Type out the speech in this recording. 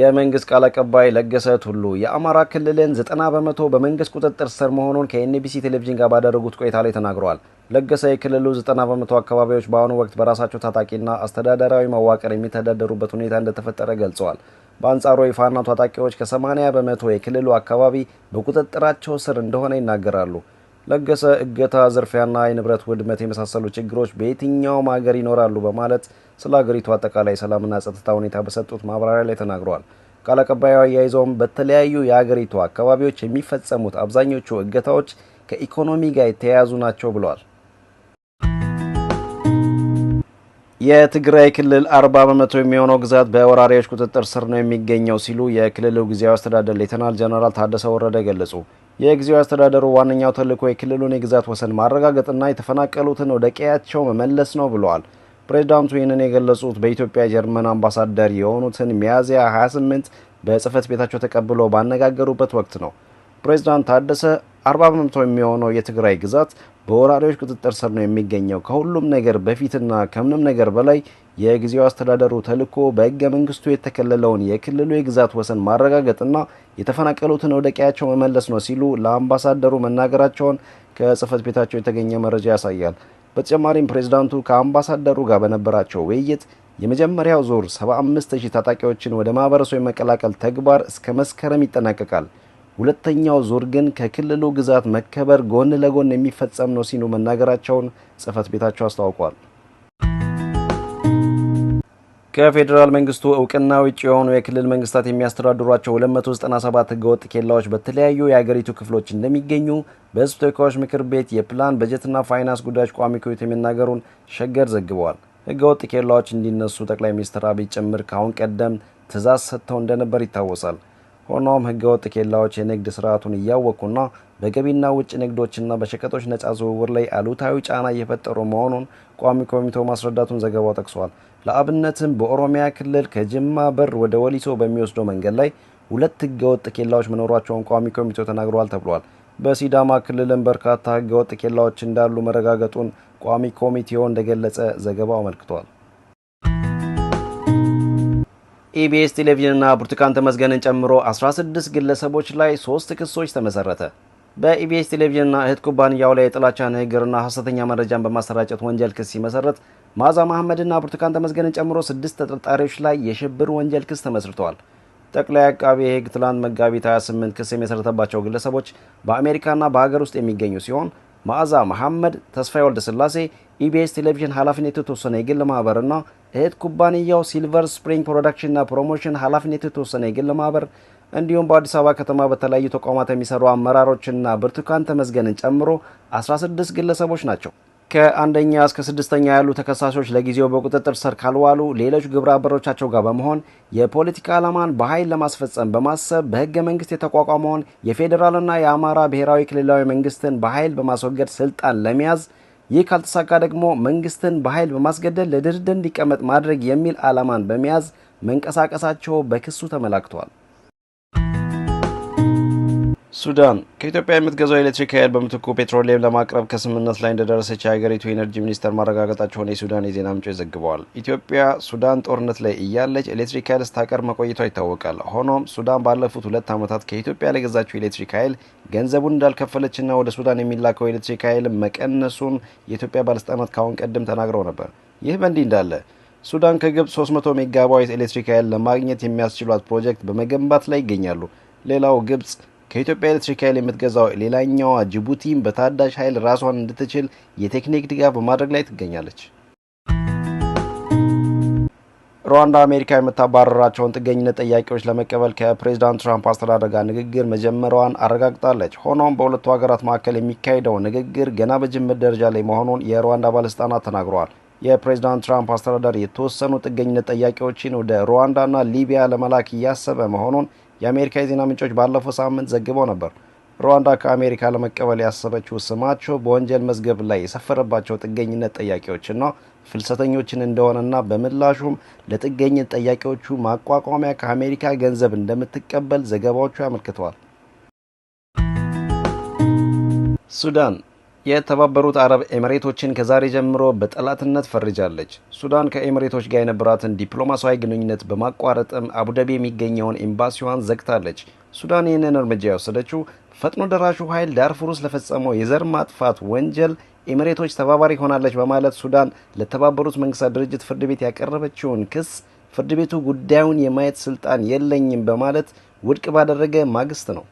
የመንግስት ቃል አቀባይ ለገሰ ቱሉ የአማራ ክልልን 90 በመቶ በመንግስት ቁጥጥር ስር መሆኑን ከኤንቢሲ ቴሌቪዥን ጋር ባደረጉት ቆይታ ላይ ተናግረዋል። ለገሰ የክልሉ 90 በመቶ አካባቢዎች በአሁኑ ወቅት በራሳቸው ታጣቂና አስተዳደራዊ መዋቅር የሚተዳደሩበት ሁኔታ እንደተፈጠረ ገልጸዋል። በአንጻሩ የፋኖ ታጣቂዎች ከ80 በመቶ የክልሉ አካባቢ በቁጥጥራቸው ስር እንደሆነ ይናገራሉ። ለገሰ እገታ፣ ዝርፊያና የንብረት ውድመት የመሳሰሉ ችግሮች በየትኛውም ሀገር ይኖራሉ በማለት ስለ ሀገሪቱ አጠቃላይ ሰላምና ጸጥታ ሁኔታ በሰጡት ማብራሪያ ላይ ተናግረዋል። ቃል አቀባዩ አያይዘውም በተለያዩ የሀገሪቱ አካባቢዎች የሚፈጸሙት አብዛኞቹ እገታዎች ከኢኮኖሚ ጋር የተያያዙ ናቸው ብለዋል። የትግራይ ክልል አርባ በመቶ የሚሆነው ግዛት በወራሪዎች ቁጥጥር ስር ነው የሚገኘው ሲሉ የክልሉ ጊዜያዊ አስተዳደር ሌተናል ጀነራል ታደሰ ወረደ ገለጹ። የጊዜያዊ አስተዳደሩ ዋነኛው ተልኮ የክልሉን የግዛት ወሰን ማረጋገጥና የተፈናቀሉትን ወደ ቀያቸው መመለስ ነው ብለዋል። ፕሬዚዳንቱ ይህንን የገለጹት በኢትዮጵያ ጀርመን አምባሳደር የሆኑትን ሚያዝያ 28 በጽህፈት ቤታቸው ተቀብሎ ባነጋገሩበት ወቅት ነው። ፕሬዚዳንት ታደሰ አርባ በመቶ የሚሆነው የትግራይ ግዛት በወራሪዎች ቁጥጥር ስር ነው የሚገኘው። ከሁሉም ነገር በፊትና ከምንም ነገር በላይ የጊዜው አስተዳደሩ ተልኮ በህገ መንግስቱ የተከለለውን የክልሉ የግዛት ወሰን ማረጋገጥና የተፈናቀሉትን ወደ ቀያቸው መመለስ ነው ሲሉ ለአምባሳደሩ መናገራቸውን ከጽህፈት ቤታቸው የተገኘ መረጃ ያሳያል። በተጨማሪም ፕሬዝዳንቱ ከአምባሳደሩ ጋር በነበራቸው ውይይት የመጀመሪያው ዙር 75 ሺህ ታጣቂዎችን ወደ ማህበረሰቡ የመቀላቀል ተግባር እስከ መስከረም ይጠናቀቃል። ሁለተኛው ዙር ግን ከክልሉ ግዛት መከበር ጎን ለጎን የሚፈጸም ነው ሲሉ መናገራቸውን ጽህፈት ቤታቸው አስታውቋል። ከፌዴራል መንግስቱ እውቅና ውጭ የሆኑ የክልል መንግስታት የሚያስተዳድሯቸው 297 ህገወጥ ኬላዎች በተለያዩ የአገሪቱ ክፍሎች እንደሚገኙ በህዝብ ተወካዮች ምክር ቤት የፕላን በጀትና ፋይናንስ ጉዳዮች ቋሚ ኮሚቴ የሚናገሩን ሸገር ዘግበዋል። ህገወጥ ኬላዎች እንዲነሱ ጠቅላይ ሚኒስትር አብይ ጭምር ከአሁን ቀደም ትእዛዝ ሰጥተው እንደነበር ይታወሳል። ሆኖም ህገወጥ ኬላዎች የንግድ ስርዓቱን እያወቁና በገቢና ውጭ ንግዶችና በሸቀጦች ነጻ ዝውውር ላይ አሉታዊ ጫና እየፈጠሩ መሆኑን ቋሚ ኮሚቴው ማስረዳቱን ዘገባው ጠቅሷል። ለአብነትም በኦሮሚያ ክልል ከጅማ በር ወደ ወሊሶ በሚወስደው መንገድ ላይ ሁለት ህገወጥ ኬላዎች መኖሯቸውን ቋሚ ኮሚቴው ተናግረዋል ተብሏል። በሲዳማ ክልልም በርካታ ህገወጥ ኬላዎች እንዳሉ መረጋገጡን ቋሚ ኮሚቴው እንደገለጸ ዘገባው አመልክቷል። ኢቢኤስ ቴሌቪዥንና ብርቱካን ተመስገንን ጨምሮ 16 ግለሰቦች ላይ ሶስት ክሶች ተመሰረተ። በኢቢኤስ ቴሌቪዥንና እህት ኩባንያው ላይ የጥላቻ ንግግርና ሀሰተኛ መረጃን በማሰራጨት ወንጀል ክስ ሲመሰረት ማዛ መሐመድና ብርቱካን ተመስገንን ጨምሮ ስድስት ተጠርጣሪዎች ላይ የሽብር ወንጀል ክስ ተመስርተዋል። ጠቅላይ አቃቢ ሕግ ትላንት መጋቢት 28 ክስ የመሰረተባቸው ግለሰቦች በአሜሪካና በሀገር ውስጥ የሚገኙ ሲሆን መዓዛ መሐመድ፣ ተስፋ ወልደ ስላሴ፣ ኢቢኤስ ቴሌቪዥን ኃላፊነቱ የተወሰነ የግል ማህበርና እህት ኩባንያው ሲልቨር ስፕሪንግ ፕሮዳክሽንና ፕሮሞሽን ኃላፊነቱ የተወሰነ የግል ማህበር እንዲሁም በአዲስ አበባ ከተማ በተለያዩ ተቋማት የሚሰሩ አመራሮችና ብርቱካን ተመስገንን ጨምሮ 16 ግለሰቦች ናቸው። ከአንደኛ እስከ ስድስተኛ ያሉ ተከሳሾች ለጊዜው በቁጥጥር ስር ካልዋሉ ሌሎች ግብረ አበሮቻቸው ጋር በመሆን የፖለቲካ ዓላማን በኃይል ለማስፈጸም በማሰብ በህገ መንግስት የተቋቋመውን የፌዴራልና የአማራ ብሔራዊ ክልላዊ መንግስትን በኃይል በማስወገድ ስልጣን ለመያዝ ይህ ካልተሳካ ደግሞ መንግስትን በኃይል በማስገደል ለድርድር እንዲቀመጥ ማድረግ የሚል ዓላማን በመያዝ መንቀሳቀሳቸው በክሱ ተመላክቷል። ሱዳን ከኢትዮጵያ የምትገዛው የኤሌክትሪክ ኃይል በምትኩ ፔትሮሊየም ለማቅረብ ከስምምነት ላይ እንደደረሰች የሀገሪቱ የኤነርጂ ሚኒስተር ማረጋገጣቸውን የሱዳን የዜና ምንጮች ዘግበዋል። ኢትዮጵያ ሱዳን ጦርነት ላይ እያለች ኤሌክትሪክ ኃይል ስታቀርብ መቆየቷ ይታወቃል። ሆኖም ሱዳን ባለፉት ሁለት ዓመታት ከኢትዮጵያ ለገዛችው ኤሌክትሪክ ኃይል ገንዘቡን እንዳልከፈለችና ወደ ሱዳን የሚላከው ኤሌክትሪክ ኃይል መቀነሱን የኢትዮጵያ ባለስልጣናት ካሁን ቀደም ተናግረው ነበር። ይህ በእንዲህ እንዳለ ሱዳን ከግብፅ 300 ሜጋዋት ኤሌክትሪክ ኃይል ለማግኘት የሚያስችሏት ፕሮጀክት በመገንባት ላይ ይገኛሉ። ሌላው ግብጽ ከኢትዮጵያ ኤሌክትሪክ ኃይል የምትገዛው ሌላኛዋ ጅቡቲም በታዳሽ ኃይል ራሷን እንድትችል የቴክኒክ ድጋፍ በማድረግ ላይ ትገኛለች። ሩዋንዳ አሜሪካ የምታባረራቸውን ጥገኝነት ጥያቄዎች ለመቀበል ከፕሬዚዳንት ትራምፕ አስተዳደር ጋር ንግግር መጀመሯን አረጋግጣለች። ሆኖም በሁለቱ ሀገራት መካከል የሚካሄደው ንግግር ገና በጅምር ደረጃ ላይ መሆኑን የሩዋንዳ ባለስልጣናት ተናግረዋል። የፕሬዚዳንት ትራምፕ አስተዳደር የተወሰኑ ጥገኝነት ጥያቄዎችን ወደ ሩዋንዳና ሊቢያ ለመላክ እያሰበ መሆኑን የአሜሪካ የዜና ምንጮች ባለፈው ሳምንት ዘግበው ነበር። ሩዋንዳ ከአሜሪካ ለመቀበል ያሰበችው ስማቸው በወንጀል መዝገብ ላይ የሰፈረባቸው ጥገኝነት ጠያቂዎችና ፍልሰተኞችን እንደሆነና በምላሹም ለጥገኝነት ጥያቄዎቹ ማቋቋሚያ ከአሜሪካ ገንዘብ እንደምትቀበል ዘገባዎቹ አመልክተዋል። ሱዳን የተባበሩት አረብ ኤሚሬቶችን ከዛሬ ጀምሮ በጠላትነት ፈርጃለች። ሱዳን ከኤሚሬቶች ጋር የነበራትን ዲፕሎማሲያዊ ግንኙነት በማቋረጥም አቡዳቢ የሚገኘውን ኤምባሲዋን ዘግታለች። ሱዳን ይህንን እርምጃ የወሰደችው ፈጥኖ ደራሹ ኃይል ዳርፉር ውስጥ ለፈጸመው የዘር ማጥፋት ወንጀል ኤሚሬቶች ተባባሪ ሆናለች በማለት ሱዳን ለተባበሩት መንግስታት ድርጅት ፍርድ ቤት ያቀረበችውን ክስ ፍርድ ቤቱ ጉዳዩን የማየት ስልጣን የለኝም በማለት ውድቅ ባደረገ ማግስት ነው።